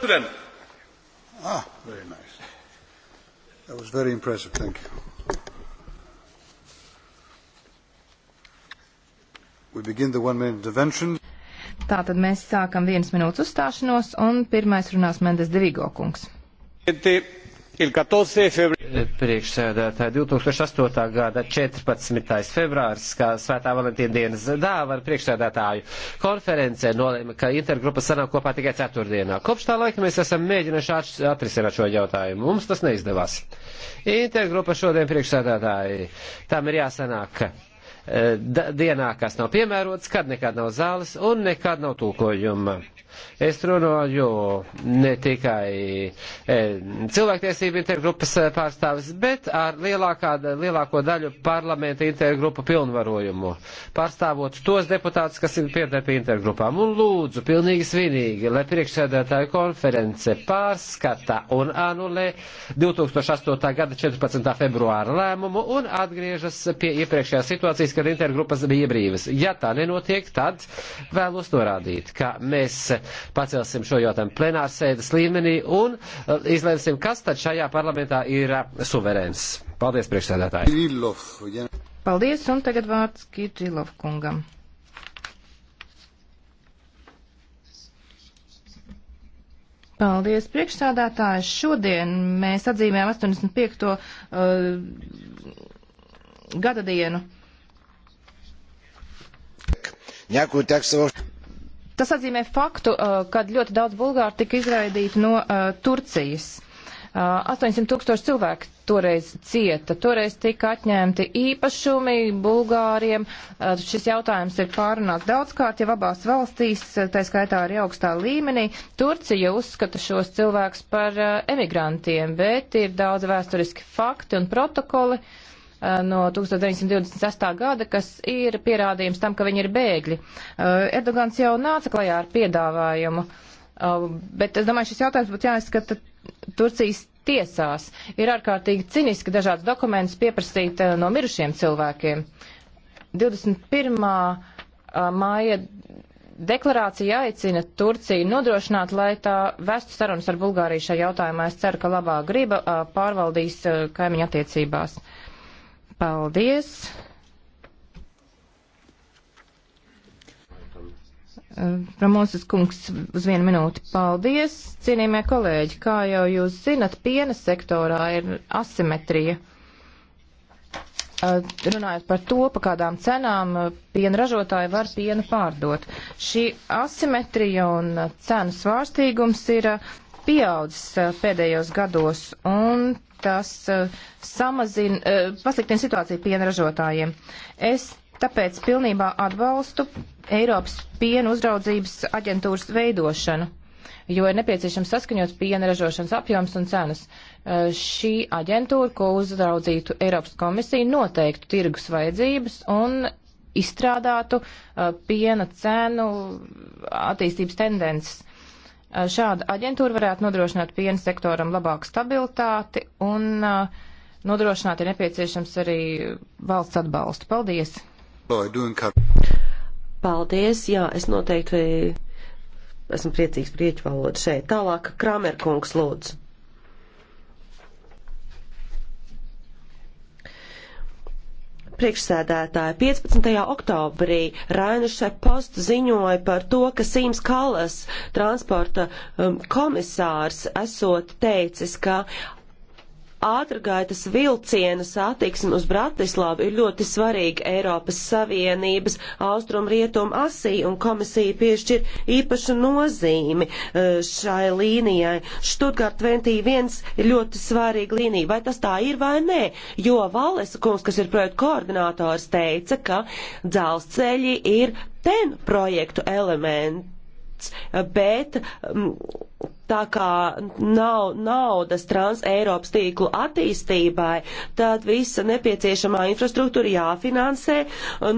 President. Ah, very nice. That was very impressive. Thank you. We begin the one minute intervention. Tātad mēs sākam vienas minūtes uzstāšanos, un pirmais runās Mendes Devigo kungs priekšsēdētāji. 2008. gada 14. februāris, kā Svētā Valentīna dienas dāvana priekšsēdētāju konferencē, nolēma, ka intergrupa sanāk kopā tikai ceturtdienā. Kopš tā laika mēs esam mēģinājuši atrisināt šo jautājumu. Mums tas neizdevās. Intergrupa šodien priekšsēdētāji. Tam ir jāsanāk eh, dienā, kas nav piemērots, kad nekad nav zāles un nekad nav tulkojuma. Es runāju ne tikai e, cilvēktiesību intergrupas e, pārstāvis, bet ar lielākā, lielāko daļu parlamenta intergrupu pilnvarojumu, pārstāvot tos deputātus, kas ir pieder pie intergrupām. Un lūdzu, pilnīgi svinīgi, lai priekšsēdētāju konference pārskata un anulē 2008. gada 14. februāra lēmumu un atgriežas pie iepriekšējās situācijas, kad intergrupas bija brīvas. Ja tā nenotiek, tad vēlos norādīt, ka mēs pacelsim šo jautājumu plenārsēdes līmenī un eh, izlemsim, kas tad šajā parlamentā ir eh, suverēns. Paldies, priekšsēdētāji. Paldies, un tagad vārds Kirilov kungam. Paldies, priekšsādātāji. Šodien mēs atzīmējam 85. Uh, eh, gada dienu. Ďakujem, tak sa Tas atzīmē faktu, uh, kad ļoti daudz bulgāru tika izraidīti no uh, Turcijas. 800 uh, tūkstoši cilvēku toreiz cieta, toreiz tika atņemti īpašumi Bulgāriem. Šis jautājums ir pārunāts daudzkārt jau abās valstīs, tā skaitā arī augstā līmenī. Turcija uzskata šos cilvēkus par emigrantiem, bet ir daudz vēsturiski fakti un protokoli. Uh, Eh, no 1928. gada, kas ir pierādījums tam, ka viņi ir bēgļi. Eh, Erdogans jau nāca klajā ar piedāvājumu, eh, bet es domāju, šis jautājums būtu jāizskata Turcijas tiesās. Ir ārkārtīgi ciniski dažādas dokumentus pieprasīt no mirušiem cilvēkiem. 21. māja deklarācija aicina Turciju nodrošināt, lai tā vestu sarunas ar Bulgāriju šajā jautājumā. Es ceru, ka labā griba pārvaldīs kaimiņu attiecībās. Paldies! Ramosas kungs uz vienu minūti. Paldies, cienījamie kolēģi. Kā jau jūs zinat, piena sektorā ir asimetrija. Runājot par to, pa kādām cenām piena ražotāji var pienu pārdot. Šī asimetrija un cenu svārstīgums ir pieaudzis pēdējos gados, un tas eh, samazina, eh, pasliktina situāciju piena ražotājiem. Es tāpēc pilnībā atbalstu Eiropas piena uzraudzības aģentūras veidošanu jo ir nepieciešams saskaņot piena ražošanas apjoms un cenas. Eh, šī aģentūra, ko uzraudzītu Eiropas komisija, noteiktu tirgus vajadzības un izstrādātu piena cenu attīstības tendences. Šāda aģentūra varētu nodrošināt piena sektoram labāku stabilitāti un nodrošināt ir nepieciešams arī valsts atbalstu. Paldies! Paldies, jā, es noteikti esmu priecīgs par iečvalodu šeit. Tālāk, Kramerkungs lūdzu. priekšsēdētāja. 15. oktobrī Rainuša Post ziņoja par to, ka Sīms Kalas transporta um, komisārs esot teicis, ka Ātrgaitas vilciena satiksme uz Bratislavu ir ļoti svarīga Eiropas Savienības austrumrietumu asī, un komisija piešķir īpašu nozīmi e, šai līnijai. Stuttgart 21 ir ļoti svarīga līnija, vai tas tā ir vai nē, jo Valesa kungs, kas ir projekta koordinātors, teica, ka dzelzceļi ir ten projektu elementi punkts, bet mm, tā kā nav naudas trans-Eiropas tīklu attīstībai, tad visa nepieciešamā infrastruktūra jāfinansē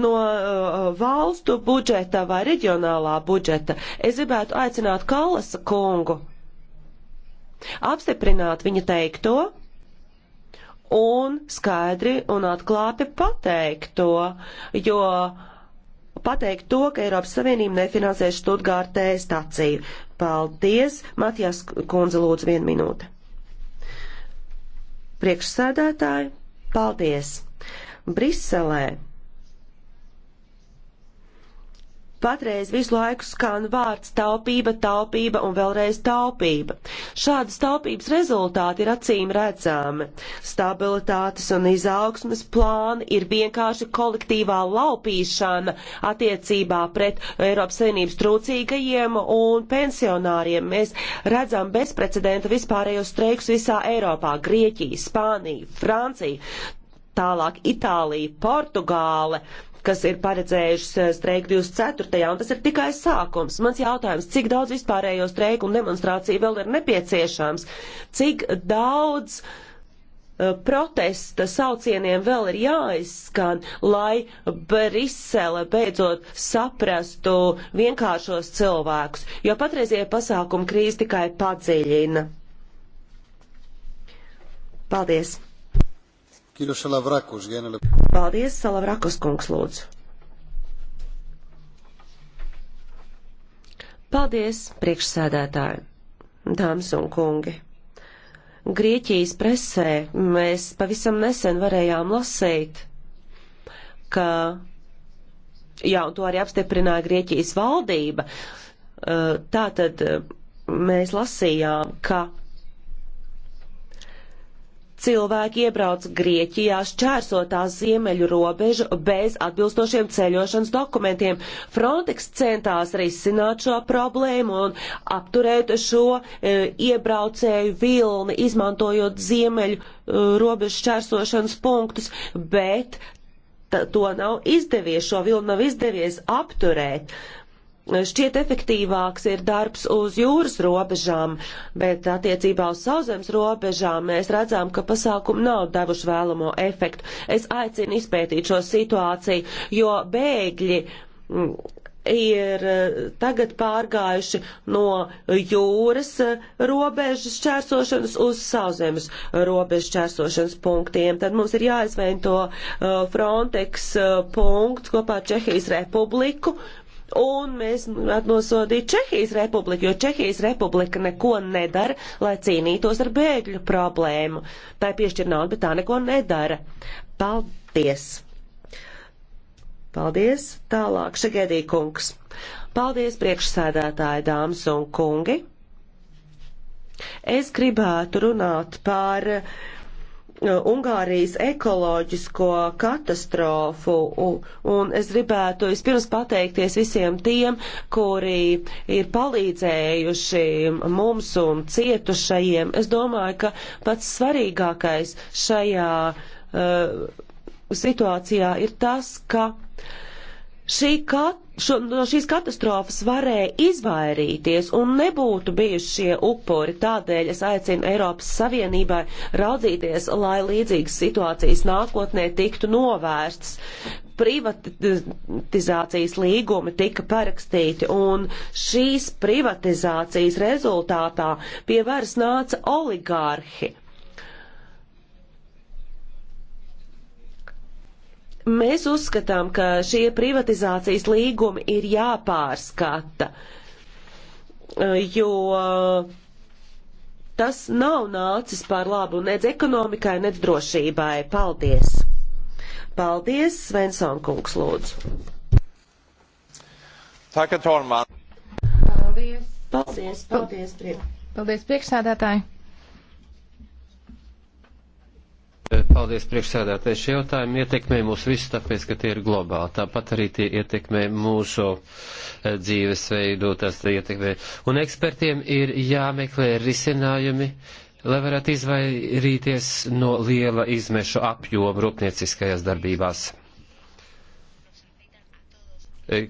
no uh, valstu budžeta vai reģionālā budžeta. Es gribētu aicināt Kalasa kungu apstiprināt viņa teikto un skaidri un atklāti pateikt to, jo uh, pateikt to, ka Eiropas Savienība nefinansēs Študgārtē staciju. Paldies! Matijas kundze lūdzu vienu minūti. Priekšsēdētāji, paldies! Briselē Patreiz visu laiku skan vārds taupība, taupība un vēlreiz taupība. Šādas taupības rezultāti ir acīm redzami. Stabilitātes un izaugsmes plāni ir vienkārši kolektīvā laupīšana attiecībā pret Eiropas Savienības trūcīgajiem un pensionāriem. Mēs redzam bezprecedenta vispārējos streikus visā Eiropā - Grieķija, Spānija, Francija, tālāk Itālija, Portugāle kas ir paredzējušas streiku 24. un tas ir tikai sākums. Mans jautājums, cik daudz vispārējo streiku un demonstrāciju vēl ir nepieciešams? Cik daudz e, protesta saucieniem vēl ir jāizskan, lai Brisele beidzot saprastu vienkāršos cilvēkus, jo patreizie pasākumi krīzi tikai padziļina. Paldies! Paldies, Salavrakas kungs, lūdzu. Paldies, priekšsēdētāji, dāmas un kungi. Grieķijas presē mēs pavisam nesen varējām lasīt, ka, jā, un to arī apstiprināja Grieķijas valdība, tātad mēs lasījām, ka cilvēki iebrauc Grieķijā, šķērsotās ziemeļu robežu bez atbilstošiem ceļošanas dokumentiem. Frontex centās risināt šo problēmu un apturēt šo e, iebraucēju vilni, izmantojot ziemeļu e, robežu šķērsošanas punktus, bet to nav izdevies, šo vilnu nav izdevies apturēt. Uh, šķiet efektīvāks ir darbs uz jūras robežām, bet attiecībā uz sauszemes robežām mēs redzam, ka pasākumi nav devuši vēlamo efektu. Es aicinu izpētīt šo situāciju, jo bēgļi mm, ir eh, tagad pārgājuši no jūras eh, robežas čērsošanas uz sauszemes robežas čērsošanas punktiem. Tad mums ir jāizveido eh, Frontex punkts kopā ar Čehijas republiku, Un mēs varētu nosodīt Čehijas republiku, jo Čehijas republika neko nedara, lai cīnītos ar bēgļu problēmu. Tā ir piešķir naudu, bet tā neko nedara. Paldies! Paldies! Tālāk Šagēdī kungs. Paldies priekšsēdētāji dāmas un kungi! Es gribētu runāt par uh, Ungārijas ekoloģisko katastrofu, un, un es gribētu vispirms pateikties visiem tiem, kuri ir palīdzējuši mums un cietušajiem. Es domāju, ka pats svarīgākais šajā uh, situācijā ir tas, ka šī katastrofa šo, no šīs katastrofas varēja izvairīties un nebūtu bijuši šie upuri. Tādēļ es aicinu Eiropas Savienībai raudzīties, lai līdzīgas situācijas nākotnē tiktu novērstas. Privatizācijas līgumi tika parakstīti, un šīs privatizācijas rezultātā pie varas nāca oligārhi. Mēs uzskatām, ka šie privatizācijas līgumi ir jāpārskata, jo tas nav nācis par labu nedz ekonomikai, nedz drošībai. Paldies! Paldies, Svensson kungs, lūdzu! Tā, ka Paldies! Paldies, paldies, priek. paldies priekšsēdētāji! Paldies priekšsēdētāji. Šie jautājumi ietekmē mūs visus, tāpēc, ka tie ir globāli. Tāpat arī tie ietekmē mūsu eh, dzīvesveidu, tas ietekmē. Un ekspertiem ir jāmeklē risinājumi, lai varētu izvairīties no liela izmešu apjoma rūpnieciskajās darbībās, eh,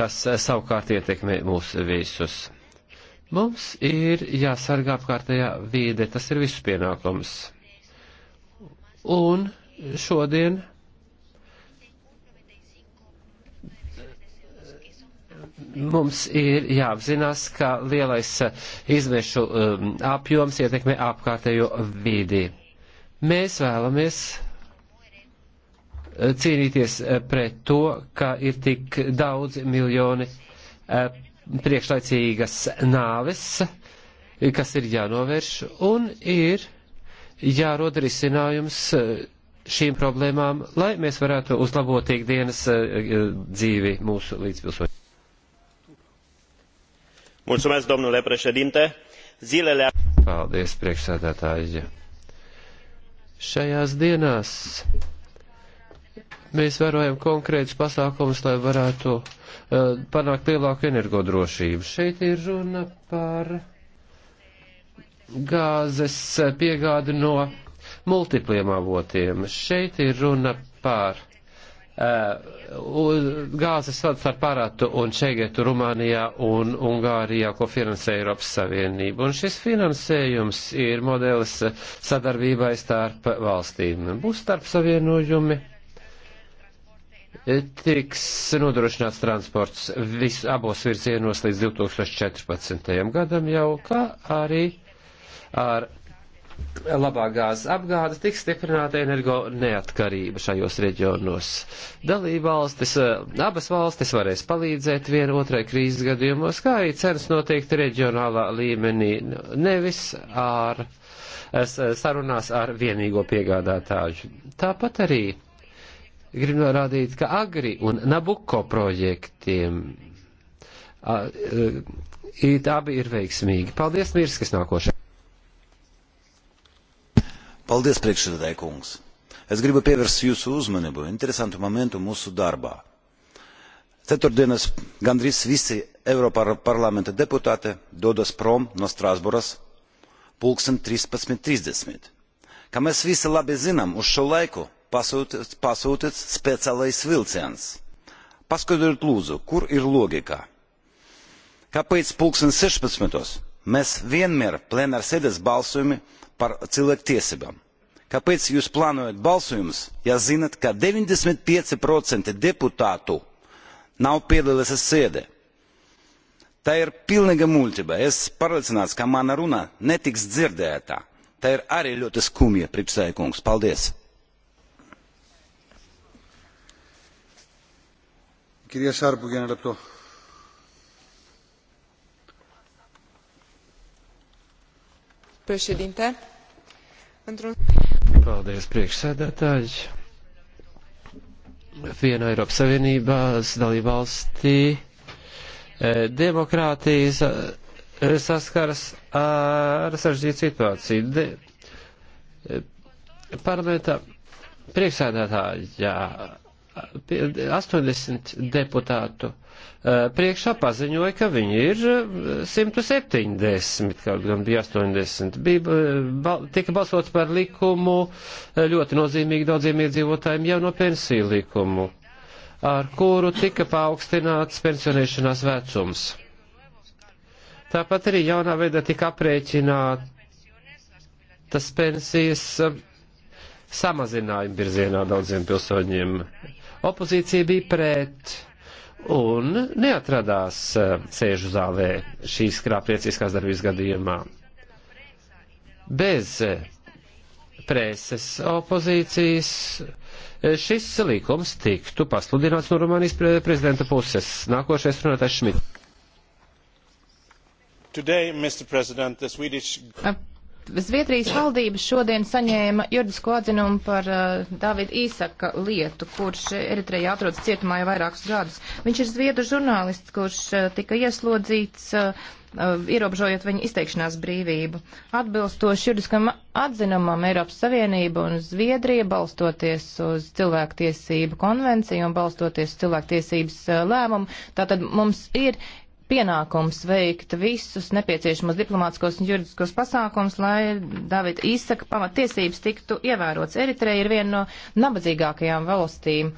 kas eh, savukārt ietekmē mūs visus. Mums ir jāsargā apkārtējā vīde, tas ir visu pienākums. Un šodien eh, mums ir jāapzinās, ka lielais eh, izmešu eh, apjoms ietekmē apkārtējo vidi. Mēs vēlamies cīnīties pret to, ka ir tik daudz miljoni priekšlaicīgas nāves, kas ir jānovērš, un ir jārod risinājums eh, šīm problēmām, lai mēs varētu uzlabot ikdienas eh, eh, dzīvi mūsu līdzpilsoņiem. Mulțumesc, domnule președinte. Zilele... Paldies, priekšsēdētāji. Šajās dienās mēs vērojam konkrētus pasākumus, lai varētu uh, panākt lielāku energodrošību. Šeit ir runa par gāzes piegādi no multipliem avotiem. Šeit ir runa par uh, gāzes vadu starp parātu un Čegetu Rumānijā un Ungārijā, ko finansē Eiropas Savienība. Un šis finansējums ir modelis sadarbībai starp valstīm. Būs starp savienojumi. Tiks nodrošināts transports vis, abos virzienos līdz 2014. gadam jau, kā arī ar labā gāzes apgāde tiks stiprināta energo neatkarība šajos reģionos. Dalībvalstis, eh, abas valstis varēs palīdzēt vienotrai krīzes gadījumos, kā arī cenas noteikti reģionālā līmenī, nevis ar sarunās ar vienīgo piegādātāju. Tāpat arī gribu norādīt, ka Agri un Nabuko projektiem e, it abi ir veiksmīgi. Paldies, Mirskas, nākošais. Paldies, priekšsēdētāji kungs! Es gribu pievērst jūsu uzmanību interesantu momentu mūsu darbā. Ceturtdienas gandrīz visi Eiroparlamenta deputāti dodas prom no Strasbūras pulksten 13.30. Kā mēs visi labi zinām, uz šo laiku pasūtīts, pasūtīts speciālais vilciens. Paskaidrojiet lūdzu, kur ir logika? Kāpēc pulksten 16. mēs vienmēr plenārsēdes balsojumi par cilvēktiesībām. Kāpēc jūs plānojat balsojumus, ja zinat, ka 95% deputātu nav piedalījušies sēdē? Tā ir pilnīga muļķība. Es pārliecināts, ka mana runa netiks dzirdētā. Tā ir arī ļoti skumja, priekšsēdētāj kungs. Paldies! Κυρία Σάρπου, για ένα λεπτό. Paldies, priekšsēdētāji. Viena Eiropas Savienībās dalībvalstī eh, demokrātijas eh, saskaras ar sarežģītu situāciju. De, eh, parlamentā priekšsēdētājā 80 deputātu eh, priekšā paziņoja, ka viņi ir 170, eh, kaut gan bija 80. Bija, eh, bal, tika balsots par likumu ļoti nozīmīgi daudziem iedzīvotājiem jau no pensiju likumu, ar kuru tika paaugstināts pensionēšanās vecums. Tāpat arī jaunā veidā tika aprēķinātas pensijas samazinājuma virzienā daudziem pilsoņiem opozīcija bija pret un neatradās e, sēžu zālē šīs krāpnieciskās darbības gadījumā. Bez e, preses opozīcijas e, šis likums tiktu pasludināts no Rumānijas prezidenta puses. Nākošais runātājs Šmit. Today, Swedish... Zviedrijas valdība šodien saņēma juridisko atzinumu par uh, Davida Īsaka lietu, kurš Eritrejā atrodas cietumā jau vairākus gadus. Viņš ir zviedru žurnālists, kurš uh, tika ieslodzīts, uh, uh, ierobežojot viņa izteikšanās brīvību. Atbilstoši juridiskam atzinumam Eiropas Savienība un Zviedrija, balstoties uz cilvēktiesību konvenciju un balstoties uz cilvēktiesības uh, lēmumu, tātad mums ir pienākums veikt visus nepieciešamos diplomātiskos un juridiskos pasākums, lai Davida īsaka pamatiesības tiktu ievērots. Eritreja ir viena no nabadzīgākajām valstīm,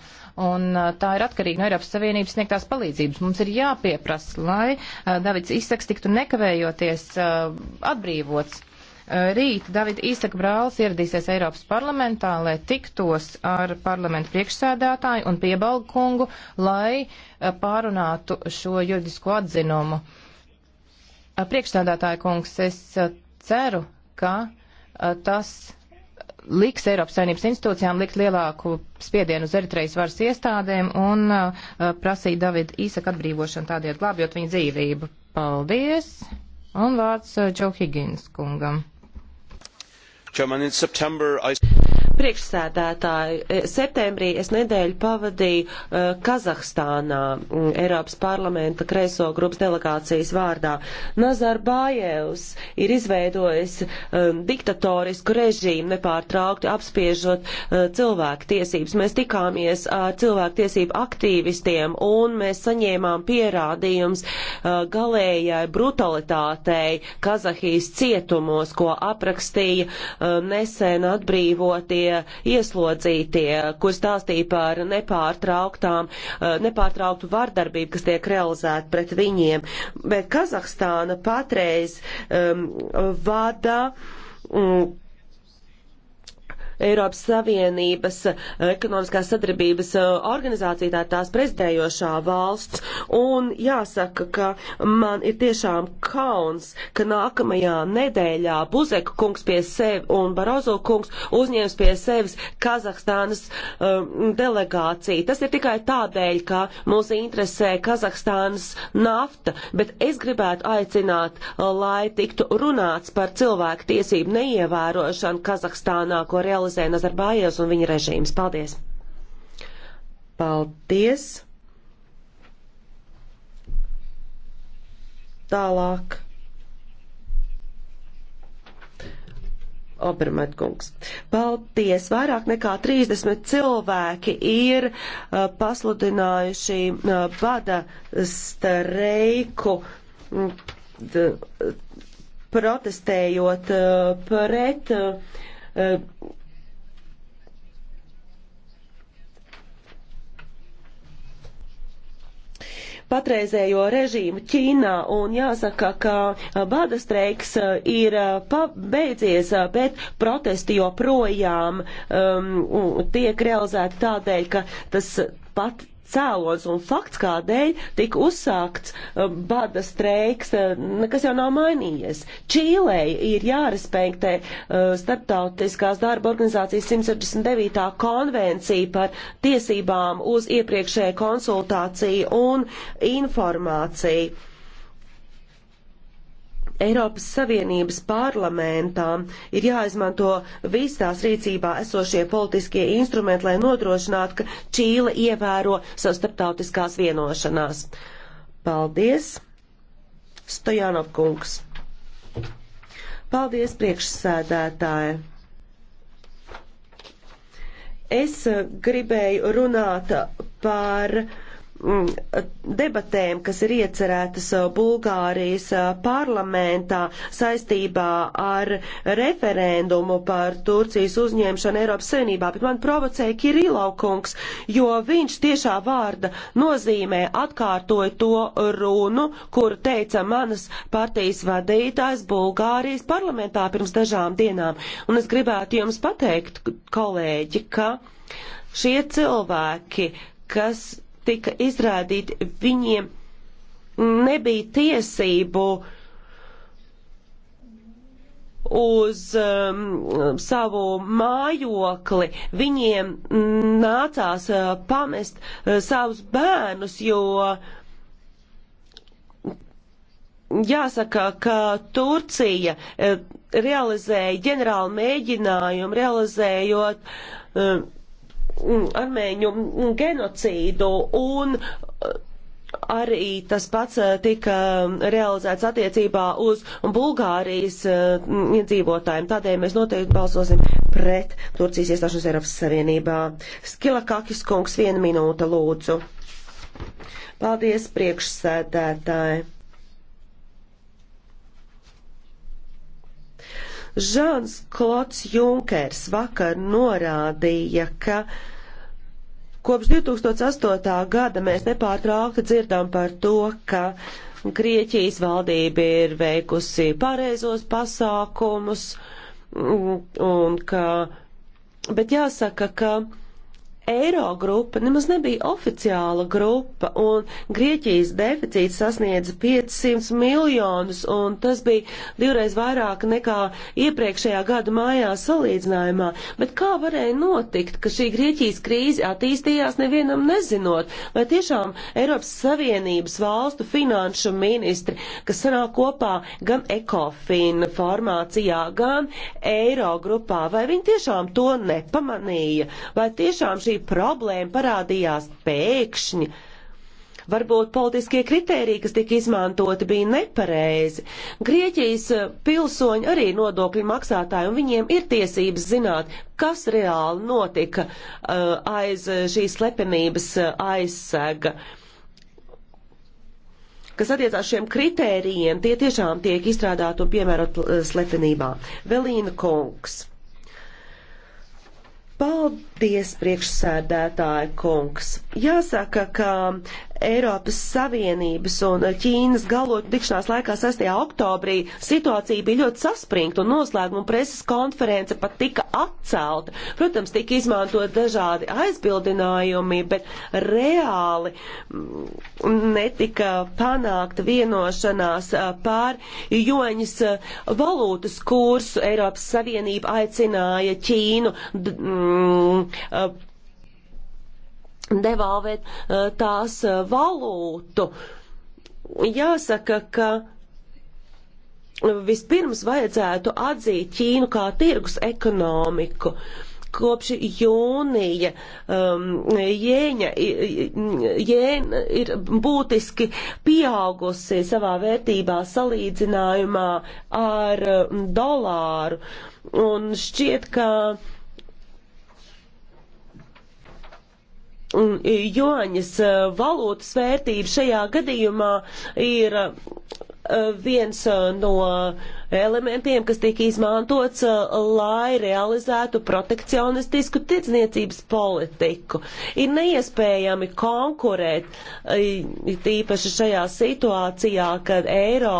un uh, tā ir atkarīga no Eiropas Savienības sniegtās palīdzības. Mums ir jāpieprasa, lai uh, Davids īsaks tiktu nekavējoties uh, atbrīvots. Eh, rīt Davida Īsaka brālis ieradīsies Eiropas parlamentā, lai tiktos ar parlamentu priekšsēdētāju un piebalgu kungu, lai eh, pārunātu šo juridisko atzinumu. Eh, priekšsēdētāja kungs, es ceru, ka tas liks Eiropas saimnības institūcijām likt lielāku spiedienu uz Eritrejas varas iestādēm un uh, prasīt Davida Īsaka atbrīvošanu tādēļ glābjot viņa dzīvību. Paldies! Un vārds uh, Džo Higgins kungam in september i. Priekšsēdētāji, e, septembrī es nedēļu pavadīju uh, Kazahstānā um, Eiropas parlamenta kreiso grupas delegācijas vārdā. Nazarbājevs ir izveidojis um, diktatorisku režīmu, nepārtraukti apspiežot uh, cilvēku tiesības. Mēs tikāmies ar cilvēku tiesību aktīvistiem un mēs saņēmām pierādījums uh, galējai brutalitātei Kazahijas cietumos, ko aprakstīja um, nesen atbrīvotie šie ieslodzītie, kur stāstīja par nepārtrauktām, eh, nepārtrauktu vardarbību, kas tiek realizēta pret viņiem. Bet Kazahstāna patreiz um, vada. Um, Eiropas Savienības eh, ekonomiskās sadarbības eh, organizācija, tā tās prezidējošā valsts. Un jāsaka, ka man ir tiešām kauns, ka nākamajā nedēļā Buzeka kungs pie sevi un Barozo kungs uzņems pie sevis Kazahstānas um, delegāciju. Tas ir tikai tādēļ, ka mūs interesē Kazahstānas nafta, bet es gribētu aicināt, lai tiktu runāts par cilvēku tiesību neievērošanu Kazahstānā, ko realizē Husēna Nazarbājevs un viņa režīms. Paldies! Paldies! Tālāk. Obermetkungs. Paldies! Vairāk nekā 30 cilvēki ir uh, pasludinājuši uh, bada streiku, mm, d, protestējot uh, pret. Uh, patreizējo režīmu Ķīnā, un jāsaka, ka bada streiks ir pabeidzies, bet protesti joprojām um, tiek realizēti tādēļ, ka tas pat cēlons un fakts, kādēļ tika uzsākts um, bada streiks, uh, nekas jau nav mainījies. Čīlei ir jārespektē uh, starptautiskās darba organizācijas 169. konvencija par tiesībām uz iepriekšēju konsultāciju un informāciju. Eiropas Savienības parlamentām ir jāizmanto visi tās rīcībā esošie politiskie instrumenti, lai nodrošinātu, ka Čīle ievēro savu starptautiskās vienošanās. Paldies, Stojanov kungs. Paldies, priekšsēdētāji. Es gribēju runāt par uh, Mm, debatēm, kas ir iecerētas uh, Bulgārijas uh, parlamentā saistībā ar referendumu par Turcijas uzņemšanu Eiropas Savienībā, bet man provocēja Kirilaukungs, jo viņš tiešā vārda nozīmē atkārtoja to runu, kur teica manas partijas vadītājs Bulgārijas parlamentā pirms dažām dienām. Un es gribētu jums pateikt, kolēģi, ka šie cilvēki, kas tika izrādīti, viņiem nebija tiesību uz um, savu mājokli, viņiem nācās uh, pamest uh, savus bērnus, jo uh, jāsaka, ka Turcija uh, realizēja ģenerālu mēģinājumu, realizējot uh, armēņu genocīdu un uh, arī tas pats uh, tika um, realizēts attiecībā uz Bulgārijas uh, iedzīvotājiem. Tādēļ mēs noteikti balsosim pret Turcijas iestāšanos Eiropas Savienībā. Skilakakis kungs, viena minūte lūdzu. Paldies priekšsēdētāji. Žāns Klots Junkers vakar norādīja, ka kopš 2008. gada mēs nepārtraukti dzirdam par to, ka Grieķijas valdība ir veikusi pareizos pasākumus un ka, bet jāsaka, ka Eirogrupa nemaz nebija oficiāla grupa, un Grieķijas deficīts sasniedza 500 miljonus, un tas bija divreiz vairāk nekā iepriekšējā gada mājā salīdzinājumā. Bet kā varēja notikt, ka šī Grieķijas krīze attīstījās nevienam nezinot? Vai tiešām Eiropas Savienības valstu finanšu ministri, kas sanāk kopā gan ECOFIN formācijā, gan Eirogrupā, vai viņi tiešām to nepamanīja? Vai tiešām šī šī problēma parādījās pēkšņi. Varbūt politiskie kritēriji, kas tika izmantoti, bija nepareizi. Grieķijas eh, pilsoņi arī nodokļu maksātāji, un viņiem ir tiesības zināt, kas reāli notika uh, aiz šīs slepenības uh, aizsega. Kas attiecās šiem kritērijiem, tie tiešām tiek izstrādāti un piemērot uh, slepenībā. Velīna Kungs. Paldies! Paldies, priekšsēdētāja kungs. Jāsaka, ka Eiropas Savienības un Ķīnas galotņu tikšanās laikā 6. oktobrī situācija bija ļoti saspringta un noslēguma preses konference pat tika atcelta. Protams, tika izmantot dažādi aizbildinājumi, bet reāli mm, netika panākta vienošanās pār joņas valūtas kursu. Eiropas Savienība aicināja Ķīnu. Mm, Uh, devalvēt uh, tās uh, valūtu. Jāsaka, ka vispirms vajadzētu atzīt Ķīnu kā tirgus ekonomiku. Kopš jūnija um, jēņa, jēna ir būtiski pieaugusi savā vērtībā salīdzinājumā ar um, dolāru. Un šķiet, ka uh, E, joņas e, valūtas vērtība šajā gadījumā ir e, viens no elementiem, kas tiek izmantots, lai realizētu protekcionistisku tirdzniecības politiku. Ir neiespējami konkurēt, tīpaši šajā situācijā, kad eiro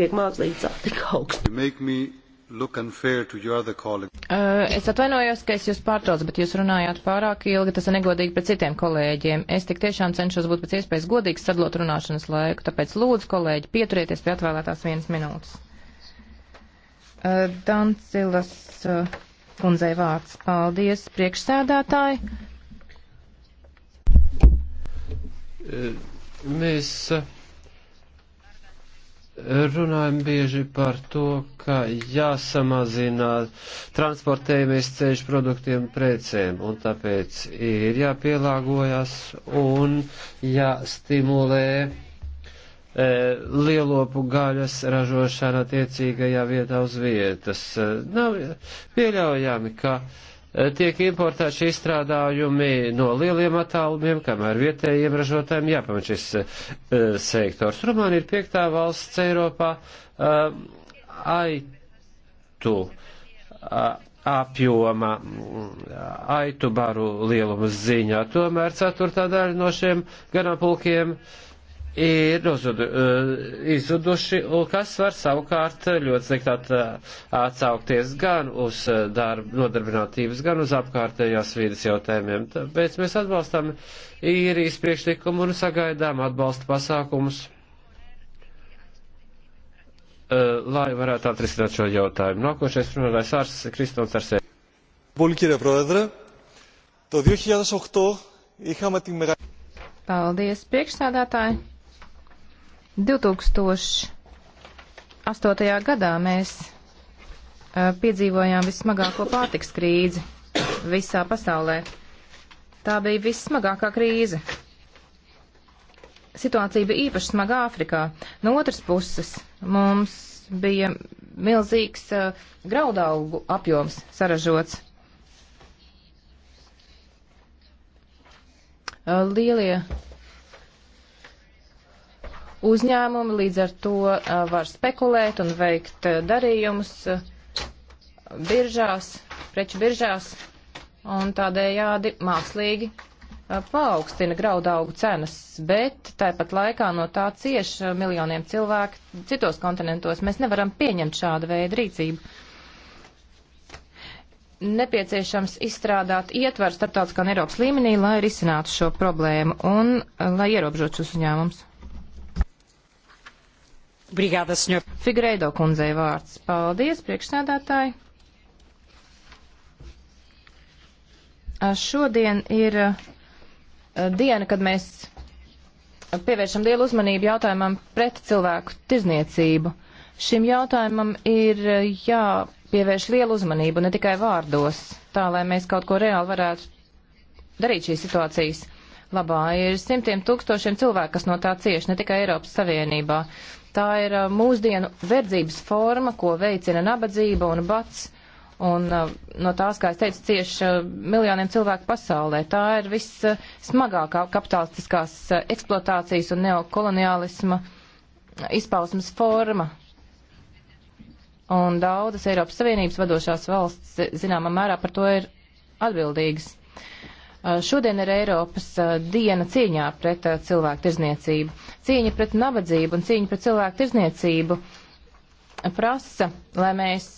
tiek mākslīgi celt tik augstu. Uh, es atvainojos, ka es jūs pārtraucu, bet jūs runājāt pārāk ilgi, tas ir negodīgi pret citiem kolēģiem. Es tik tiešām cenšos būt pēc iespējas godīgs sadalot runāšanas laiku, tāpēc lūdzu, kolēģi, pieturieties pie atvēlētās vienas minūtes. Uh, Dancilas uh, kundzei vārds. Paldies, priekšsēdētāji. Mēs. Uh, runājam bieži par to, ka jāsamazina transportējumies ceļu produktiem precēm, un tāpēc ir jāpielāgojas un jāstimulē e, lielopu gaļas ražošana attiecīgajā vietā uz vietas. E, nav pieļaujami, ka e, Eh, tiek importēti šie izstrādājumi no lieliem attālumiem, kamēr vietējiem ražotājiem jāpamat šis uh, sektors. Rumānija ir piektā valsts Eiropā uh, aitu uh, apjoma, aitu baru lieluma ziņā. Tomēr ceturtā daļa no šiem ganapulkiem uh, ir uzzudu, eh, izzuduši, kas var savukārt ļoti sliktāt atsaukties gan uz eh, darba, nodarbinātības, gan uz apkārtējās vīdes jautājumiem. Tāpēc mēs atbalstam īrijas priekšlikumu un sagaidām atbalsta pasākumus, eh, lai varētu atrisināt šo jautājumu. Nākošais runātājs Ārs Kristons Arsē. Paldies, priekšsādātāji! 2008. gadā mēs eh, piedzīvojām vismagāko pārtiks krīzi visā pasaulē. Tā bija vissmagākā krīze. Situācija bija īpaši smaga Āfrikā. No otras puses mums bija milzīgs uh, graudaugu apjoms saražots. Uh, lielie uzņēmumi līdz ar to var spekulēt un veikt darījumus biržās, preču biržās un tādējādi mākslīgi paaugstina graudaugu cenas, bet tāpat laikā no tā cieš miljoniem cilvēku citos kontinentos. Mēs nevaram pieņemt šādu veidu rīcību. Nepieciešams izstrādāt ietvaru starptautiskā un Eiropas līmenī, lai risinātu šo problēmu un lai ierobežotu šos uzņēmumus. Brigāda, senjor. Figreido kundzei vārds. Paldies, priekšsēdētāji. Šodien ir diena, kad mēs pievēršam lielu uzmanību jautājumam pret cilvēku tirzniecību. Šim jautājumam ir jāpievērš lielu uzmanību, ne tikai vārdos, tā lai mēs kaut ko reāli varētu darīt šīs situācijas labā. Ir simtiem tūkstošiem cilvēku, kas no tā cieši, ne tikai Eiropas Savienībā. Uh, Tā ir mūsdienu verdzības forma, ko veicina nabadzība un bats. Un no tās, kā es teicu, cieši miljoniem cilvēku pasaulē. Tā ir vissmagākā kapitalistiskās eksploatācijas un neokoloniālisma izpausmas forma. Un daudzas Eiropas Savienības vadošās valsts, zināmā mērā, par to ir atbildīgas. Eh, šodien ir Eiropas eh, diena cīņā pret eh, cilvēku tirzniecību. Cīņa pret nabadzību un cīņa pret cilvēku tirzniecību prasa, lai mēs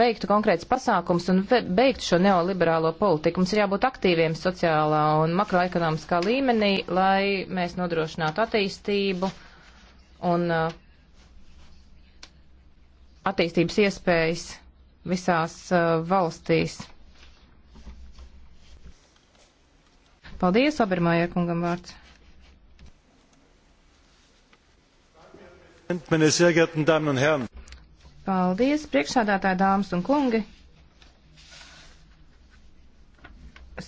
veiktu konkrēts pasākums un beigtu šo neoliberālo politiku. Mums ir jābūt aktīviem sociālā un makroekonomiskā līmenī, lai mēs nodrošinātu attīstību un attīstības iespējas visās valstīs. Paldies, Obermājai kungam vārds. Meine sehr geehrten Damen un Herren. Paldies, priekšsādātāji dāmas un kungi.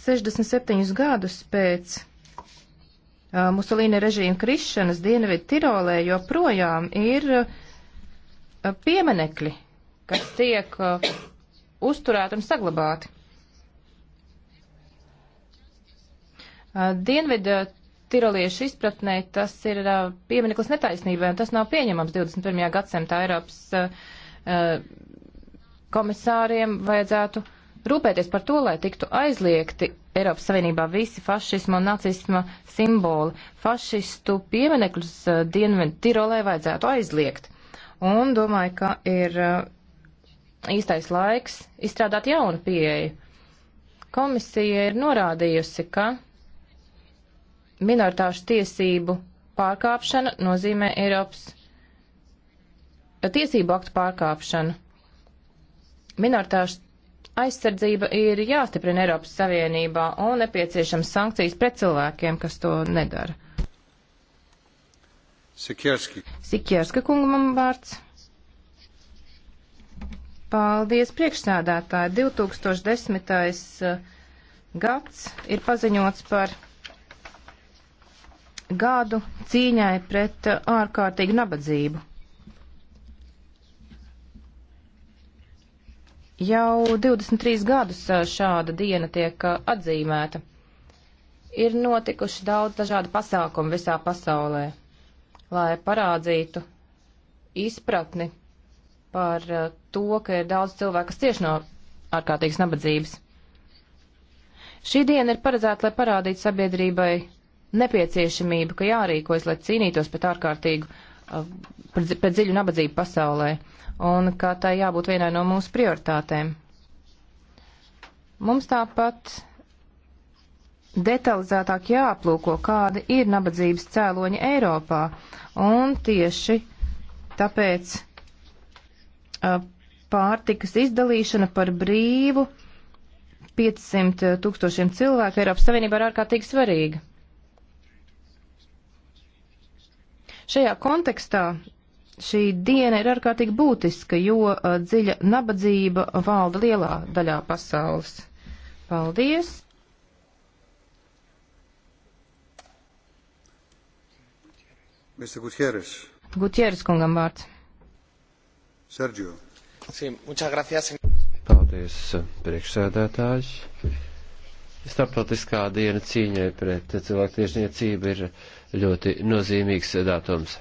67 gadus pēc uh, Musolīna režīma krišanas Dienvidu Tirolē joprojām ir uh, pieminekļi, kas tiek uh, uzturēti un saglabāti. Dienvidu tiroliešu izpratnē tas ir piemineklis netaisnībai, un tas nav pieņemams 21. gadsimta Eiropas komisāriem vajadzētu rūpēties par to, lai tiktu aizliegti Eiropas Savienībā visi fašisma un nacisma simboli. Fašistu pieminekļus Dienvidu Tirolē vajadzētu aizliegt. Un domāju, ka ir īstais laiks izstrādāt jaunu pieeju. Komisija ir norādījusi, ka minoritāšu tiesību pārkāpšana nozīmē Eiropas tiesību aktu pārkāpšanu. Minoritāšu aizsardzība ir jāstiprina Eiropas Savienībā un nepieciešams sankcijas pret cilvēkiem, kas to nedara. Sikierski. Sikierska kungam vārds. Paldies priekšsēdētāji. 2010. Eh, gads ir paziņots par gadu cīņai pret ārkārtīgu nabadzību. Jau 23 gadus šāda diena tiek atzīmēta. Ir notikuši daudz dažādu pasākumu visā pasaulē, lai parādzītu izpratni par to, ka ir daudz cilvēku, kas cieši no ārkārtīgas nabadzības. Šī diena ir paredzēta, lai parādītu sabiedrībai nepieciešamība, ka jārīkojas, lai cīnītos pret ārkārtīgu, uh, pret, pret dziļu nabadzību pasaulē, un ka tai jābūt vienai no mūsu prioritātēm. Mums tāpat detalizētāk jāaplūko, kāda ir nabadzības cēloņa Eiropā, un tieši tāpēc uh, pārtikas izdalīšana par brīvu 500 tūkstošiem cilvēku Eiropas Savienībā ir ārkārtīgi svarīga. Šajā kontekstā šī diena ir ārkārtīgi būtiska, jo uh, dziļa nabadzība valda lielā daļā pasaules. Paldies! Gutieres. Gutieres kungam vārds. Sergio. Sí, muchas gracias. Paldies, priekšsēdētājs. Starptautiskā diena cīņai pret cilvēku tiešniecību ir ļoti nozīmīgs datums.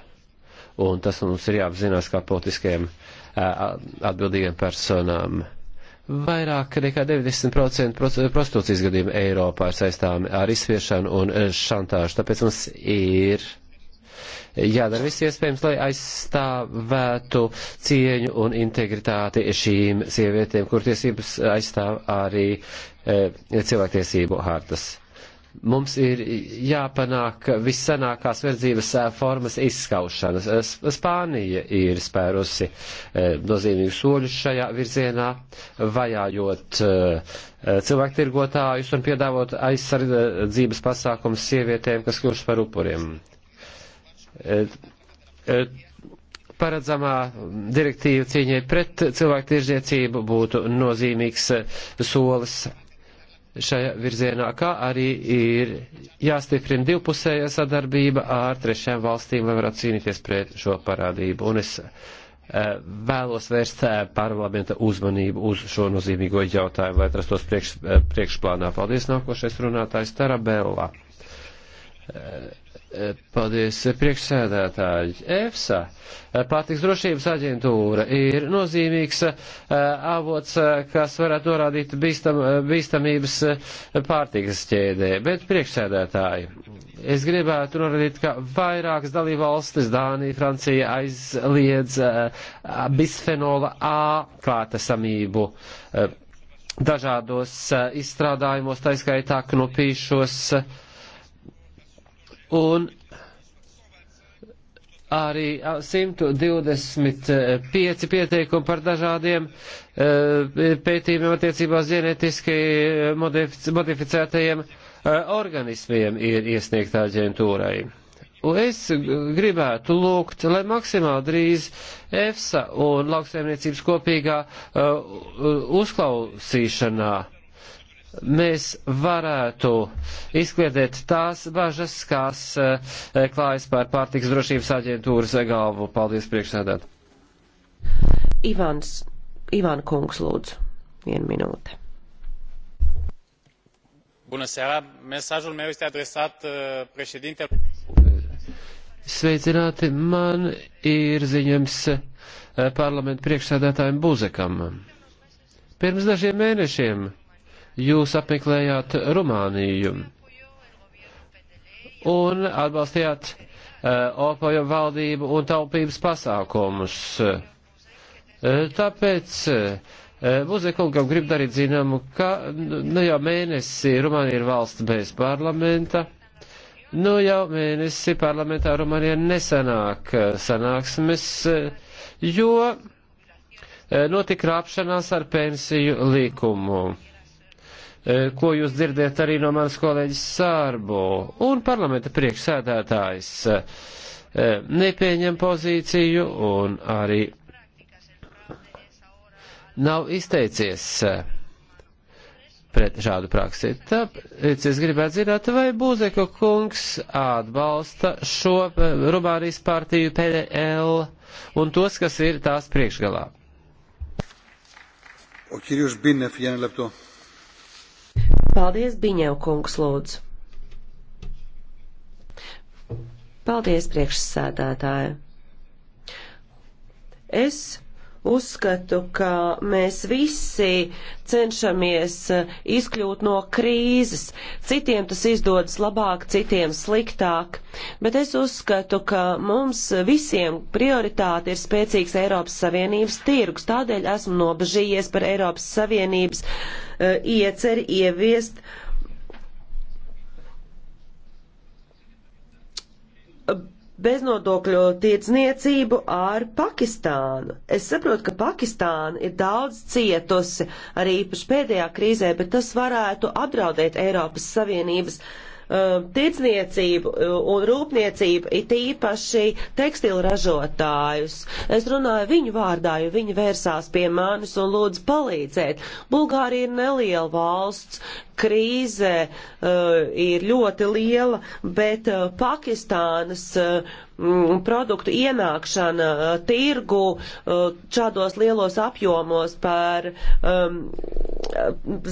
Un tas mums ir jāapzinās kā politiskiem atbildīgiem personām. Vairāk nekā 90% prostitūcijas gadījumu Eiropā ir saistāmi ar izsviešanu un šantāžu, tāpēc mums ir jādara viss iespējams, lai aizstāvētu cieņu un integritāti šīm sievietēm, kur tiesības aizstāv arī e, cilvēktiesību hartas mums ir jāpanāk vissanākās verdzības eh, formas izskaušanas. Eh, Spānija ir spērusi eh, nozīmīgus soļus šajā virzienā, vajājot cilvēktirgotājus un piedāvot aizsardzības pasākums sievietēm, kas kļūst par upuriem. Paredzamā direktīva cīņai pret cilvēktirdzniecību būtu nozīmīgs solis šajā virzienā, kā arī ir jāstiprina divpusējā sadarbība ar trešajām valstīm, lai varētu cīnīties pret šo parādību. Un es eh, vēlos vērst eh, parlamenta uzmanību uz šo nozīmīgo jautājumu, lai atrastos priekš, eh, priekšplānā. Paldies, nākošais runātājs Tarabella. Paldies, priekšsēdētāji. EFSA, pārtiks drošības aģentūra, ir nozīmīgs eh, avots, eh, kas varētu norādīt bīstam, eh, bīstamības pārtikas ķēdē. Bet, priekšsēdētāji, es gribētu norādīt, ka vairākas dalībvalstis, Dānija, Francija, aizliedz bisfenola A klātesamību dažādos izstrādājumos, taiskaitā knopīšos un arī 125 pieteikumi par dažādiem e, pētījumiem attiecībā uz ģenetiski e, modificētajiem e, organismiem ir iesniegta aģentūrai. Un es gribētu lūgt, lai maksimāli drīz EFSA un lauksaimniecības kopīgā uh, uzklausīšanā uh, mēs varētu izkliedēt tās bažas, kas eh, klājas pār pārtiks drošības aģentūras galvu. Paldies priekšsēdēt. Ivans, Ivāna kungs lūdzu, vienu minūte. Bună seara! Mesajul meu este adresat eh, președintelui. Sveicināti, man ir ziņojums eh, parlamentu priekšsēdētājiem Buzekam. Pirms dažiem mēnešiem jūs apmeklējāt Rumāniju un atbalstījāt uh, eh, Opojo valdību un taupības pasākumus. Uh, tāpēc uh, eh, Buzekulgam grib darīt zināmu, ka nu jau mēnesi Rumānija ir valsts bez parlamenta, nu jau mēnesi parlamentā Rumānija nesanāk sanāksmes, jo notika krāpšanās ar pensiju likumu. Eh, ko jūs dzirdiet arī no manas kolēģis Sārbo un parlamenta priekšsēdētājs eh, nepieņem pozīciju un arī nav izteicies eh, pret šādu praksi. Tāpēc es gribētu zināt, vai Būzeko kungs atbalsta šo Rumānijas partiju PDL un tos, kas ir tās priekšgalā. O, Kirjus Binev, Jāni Lepto. Paldies, Biņev kungs, lūdzu. Paldies, priekšsēdētāji. Es uzskatu, ka mēs visi cenšamies eh, izkļūt no krīzes. Citiem tas izdodas labāk, citiem sliktāk. Bet es uzskatu, ka mums visiem prioritāte ir spēcīgs Eiropas Savienības tirgus. Tādēļ esmu nobežījies par Eiropas Savienības uh, ieceri ieviest. Uh, beznodokļu tiecniecību ar Pakistānu. Es saprotu, ka Pakistāna ir daudz cietusi arī īpaši pēdējā krīzē, bet tas varētu apdraudēt Eiropas Savienības um, uh, tirdzniecību un rūpniecību, it īpaši tekstilu ražotājus. Es runāju viņu vārdā, jo viņi vērsās pie manis un lūdzu palīdzēt. Bulgārija ir neliela valsts, krīze uh, ir ļoti liela, bet uh, Pakistānas uh, produktu ienākšana uh, tirgu uh, šādos lielos apjomos par um,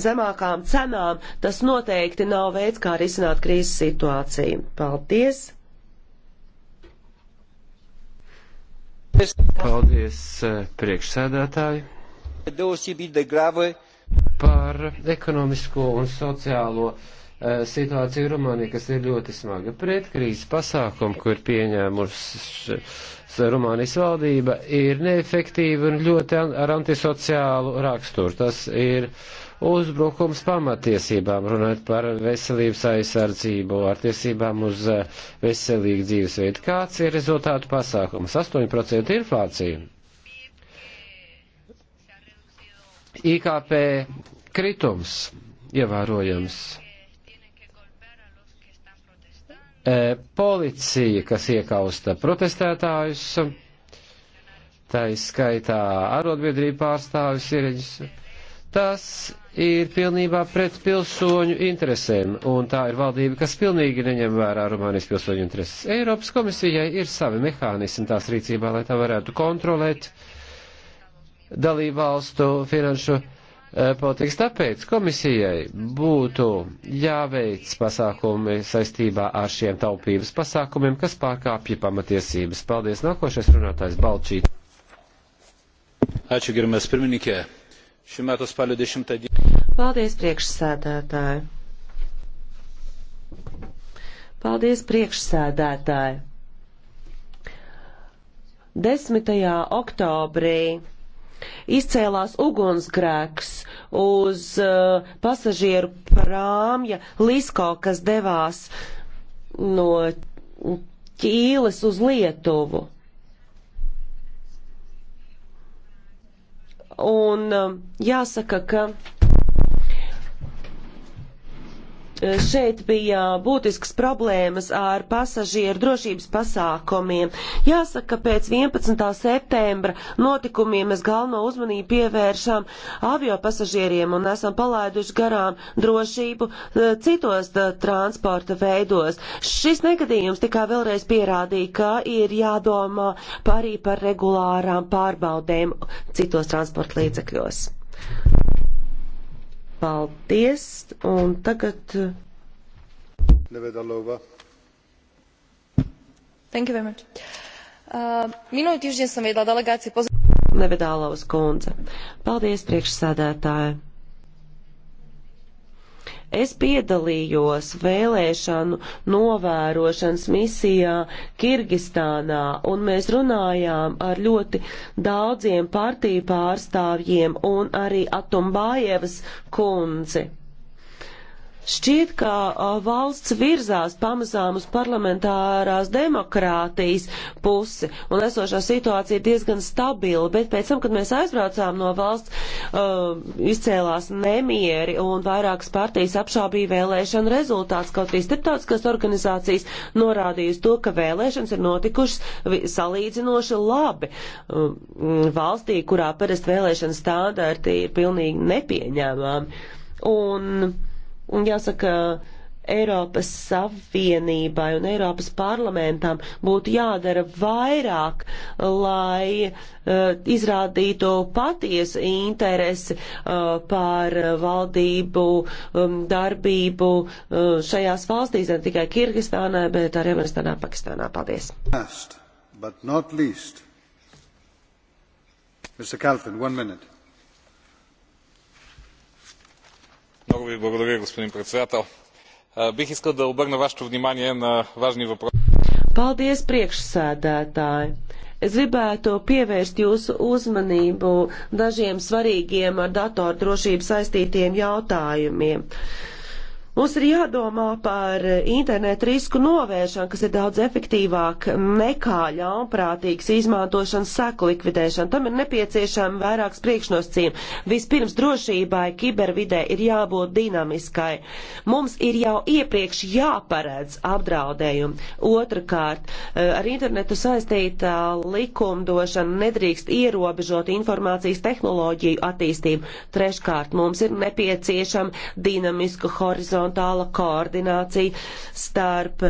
zemākām cenām, tas noteikti nav veids, kā risināt krīzes situāciju. Paldies! Paldies, priekšsēdētāji! deosebit de gravă par ekonomisko un sociālo eh, situāciju Rumānijā, kas ir ļoti smaga. Pretkrīzes pasākumu, kur pieņēmusi Rumānijas valdība, ir neefektīva un ļoti ar antisociālu raksturu. Tas ir uzbrukums pamatiesībām, runājot par veselības aizsardzību, ar tiesībām uz eh, veselīgu dzīvesveidu. Kāds ir rezultātu pasākums? 8% inflācija IKP kritums ievērojams. E, policija, kas iekausta protestētājus, tā izskaitā arotbiedrību pārstāvis iereģis, tas ir pilnībā pret pilsoņu interesēm, un tā ir valdība, kas pilnīgi neņem vērā Rumānijas pilsoņu intereses. Eiropas komisijai ir savi mehānismi tās rīcībā, lai tā varētu kontrolēt uh, dalībvalstu finanšu eh, politikas. Tāpēc komisijai būtu jāveic pasākumi saistībā ar šiem taupības pasākumiem, kas pārkāpja pamatiesības. Paldies. Nākošais runātājs Balčī. Ačiū, gerbiamas pirmininkē. Šī mēta spalio 10. diena. Paldies, priekšsēdētāji. Paldies, priekšsēdētāji. 10. oktobrī izcēlās ugunsgrēks uz uh, pasažieru prāmja Lisko, kas devās no Ķīles uz Lietuvu. Un uh, jāsaka, ka Eh, šeit bija būtisks problēmas ar pasažieru drošības pasākumiem. Jāsaka, pēc 11. septembra notikumiem mēs galveno uzmanību pievēršam avio pasažieriem un esam palaiduši garām drošību eh, citos eh, transporta veidos. Šis negadījums tikai vēlreiz pierādīja, ka ir jādomā arī par regulārām pārbaudēm citos transporta līdzekļos. Paldies, un tagad. Uh, Nevedalova. Thank you very much. Uh, Minūju tieši esam viedlā delegācija. Nevedālovas kundze. Paldies, priekšsādētāji. Es piedalījos vēlēšanu novērošanas misijā Kirgistānā, un mēs runājām ar ļoti daudziem partiju pārstāvjiem un arī Atumbājevas kundzi. Šķiet, ka valsts virzās pamazām uz parlamentārās demokrātijas pusi, un esošā situācija ir diezgan stabila, bet pēc tam, kad mēs aizbraucām no valsts, uh, izcēlās nemieri, un vairākas partijas apšābīja vēlēšanu rezultāts, kaut arī starptautiskās organizācijas norādījusi to, ka vēlēšanas ir notikušas salīdzinoši labi uh, valstī, kurā parasti vēlēšana standarti ir pilnīgi nepieņēmami. Un Un jāsaka, Eiropas Savienībai un Eiropas parlamentam būtu jādara vairāk, lai uh, izrādītu patiesu interesi uh, par valdību um, darbību uh, šajās valstīs, ne tikai Kirgistānā, bet arī Afganistānā, Pakistānā. Paldies! Last, but not least. Mr. Kalfin, one minute. господин председател. Бих искал да обърна вашето внимание на важни въпроси. Paldies, priekšsēdētāji! Es gribētu pievērst jūsu uzmanību dažiem svarīgiem ar datordrošību saistītiem jautājumiem. Uh, Mums ir jādomā par internetu risku novēršanu, kas ir daudz efektīvāk nekā ļaunprātīgas izmantošanas seku likvidēšana. Tam ir nepieciešami vairākas priekšnosacījumi. Vispirms drošībai kibervidē ir jābūt dinamiskai. Mums ir jau iepriekš jāparedz apdraudējumi. Otrakārt, eh, ar internetu saistītā likumdošana nedrīkst ierobežot informācijas tehnoloģiju attīstību. Treškārt, mums ir nepieciešama dinamiska horizonta horizontāla koordinācija starp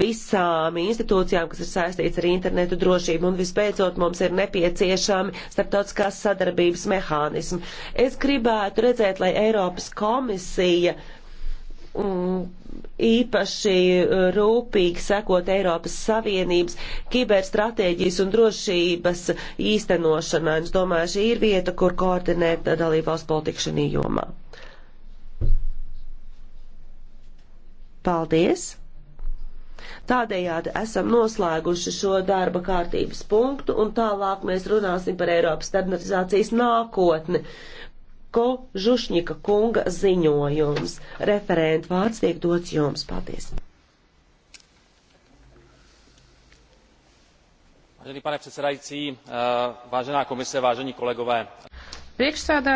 visām institūcijām, kas ir saistīts ar internetu drošību, un visbeidzot mums ir nepieciešami starptautiskās sadarbības mehānismi. Es gribētu redzēt, lai Eiropas komisija mm, īpaši eh, rūpīgi sekot Eiropas Savienības kiberstratēģijas un drošības īstenošanai. Es domāju, šī ir vieta, kur koordinēt dalībvalsts politiku šajā jomā. Paldies! Tādējādi esam noslēguši šo darba kārtības punktu, un tālāk mēs runāsim par Eiropas standartizācijas nākotni. Ko Žušņika kunga ziņojums. Referenta vārds tiek dots jums. Paldies! Vážený pane předsedající, eh, vážená komise, vážení kolegové. Priekšsēdā